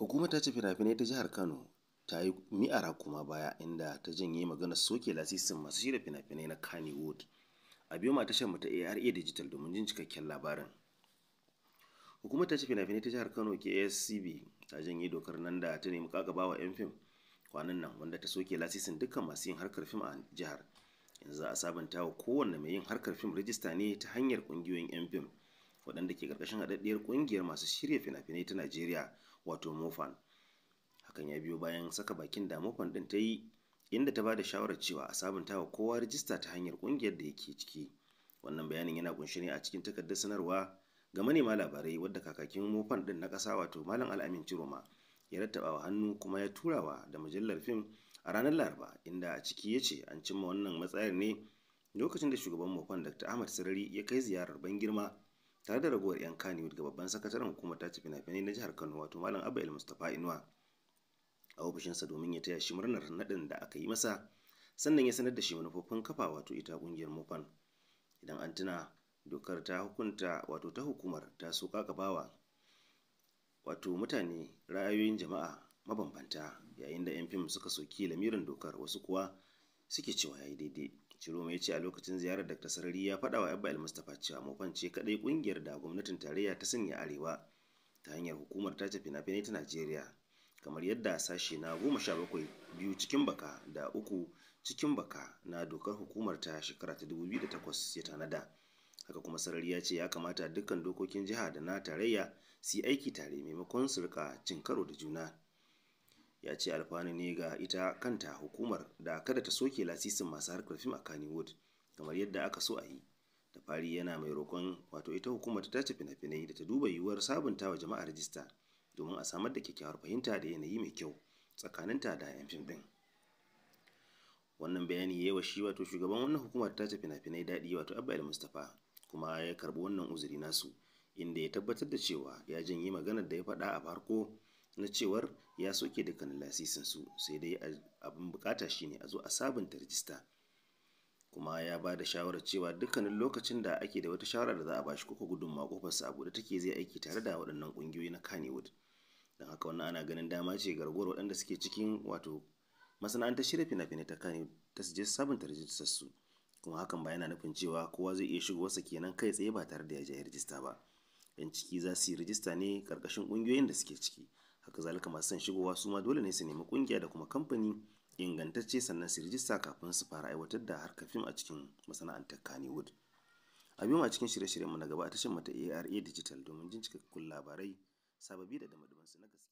Hukumar ta ce fina ta jihar Kano ta yi mi'ara kuma baya inda ta janye magana soke lasisin masu shirya finafinai finai na wood A biyu ma tashar ta ARA Digital domin jin cikakken labarin. Hukumar ta ce fina ta jihar Kano KSCB ta janye dokar nan da ta nemi bawa 'yan fim kwanan nan wanda ta soke lasisin dukkan masu yin harkar fim a jihar. Yanzu za a sabanta wa kowanne mai yin harkar fim rijista ne ta hanyar kungiyoyin 'yan fim. waɗanda ke ƙarƙashin haɗaɗɗiyar ƙungiyar masu shirya fina-finai ta Najeriya wato MOFAN. Hakan ya biyo bayan saka bakin da MOFAN ɗin ta yi inda ta ba da shawarar cewa a sabunta wa kowa rijista ta hanyar ƙungiyar da yake ciki. Wannan bayanin yana ƙunshi ne a cikin takardar sanarwa ga manema labarai wadda kakakin MOFAN ɗin na ƙasa wato Malam Al'amin Ciroma ya rattaba wa hannu kuma ya turawa da mujallar fim a ranar Laraba inda a ciki ya ce an cimma wannan matsayar ne lokacin da shugaban MOFAN Dr. Ahmad Sarari ya kai ziyarar ban girma tare da ragowar 'yan kani daga babban sakataren hukumar tace fina-finai na jihar kano wato malam abba el mustapha inuwa a ofishinsa domin ya taya shi murnar naɗin da aka yi masa sannan ya sanar da shi manufofin kafa wato ita ƙungiyar mofan idan an tuna dokar ta hukunta wato ta hukumar ta so kakabawa wato mutane ra'ayoyin jama'a mabambanta yayin da 'yan fim suka soki lamirin dokar wasu kuwa suke cewa ya yi daidai Ciroma ya ce a lokacin ziyarar ta Sarari ya faɗa wa Abba mustapha cewa Mofan ce kaɗai kungiyar da gwamnatin tarayya ta sanya arewa ta hanyar hukumar tace fina-finai ta Najeriya kamar yadda sashe na goma sha bakwai biyu cikin baka da uku cikin baka na dokar hukumar ta shekara ta da takwas ya tanada haka kuma sarari ya ce ya kamata dukkan dokokin jiha da na tarayya su yi aiki tare maimakon su rika cin karo da juna ya ce alfanu ne ga ita kanta hukumar da kada ta soke lasisin masu harkar fim a kannywood kamar yadda aka so a yi da fari yana mai roƙon wato ita hukumar ta tace fina-finai da ta duba yiwuwar sabuntawa wa jama'a rajista domin a samar da kyakkyawar fahimta da yanayi mai kyau tsakaninta da 'yan fim ɗin wannan bayani ya yi wa shi wato shugaban wannan hukumar tace fina-finai daɗi wato abba mustapha kuma ya karɓi wannan uzuri nasu inda ya tabbatar da cewa ya janye maganar da ya faɗa a farko na cewar ya soke dukkanin lasisin su sai dai abin bukata shine a zo a sabunta rijista kuma ya ba da shawarar cewa dukkanin lokacin da ake da wata shawara da za a bashi koko gudun makofarsa a buɗe take zai aiki tare da waɗannan ƙungiyoyi na kanewood don haka wannan ana ganin dama ce garguwar ragowar waɗanda suke cikin wato masana'antar shirya fina-finai ta kane ta su je sabunta rijistar su kuma hakan ba yana nufin cewa kowa zai iya shigo wasa kenan kai tsaye ba tare da ya je rijista ba 'yan ciki za su yi rijista ne ƙarƙashin ƙungiyoyin da suke ciki haka zalika masu son shigowa su ma dole ne su nemi kungiya da kuma kamfani ingantacce sannan su rijista kafin su fara aiwatar da harkar fim a cikin masana'antar kannywood a biyu a cikin shirye-shiryenmu na gaba a tashar mata ara digital domin jin cikakkun labarai sababi da damadumansu na gaskiya.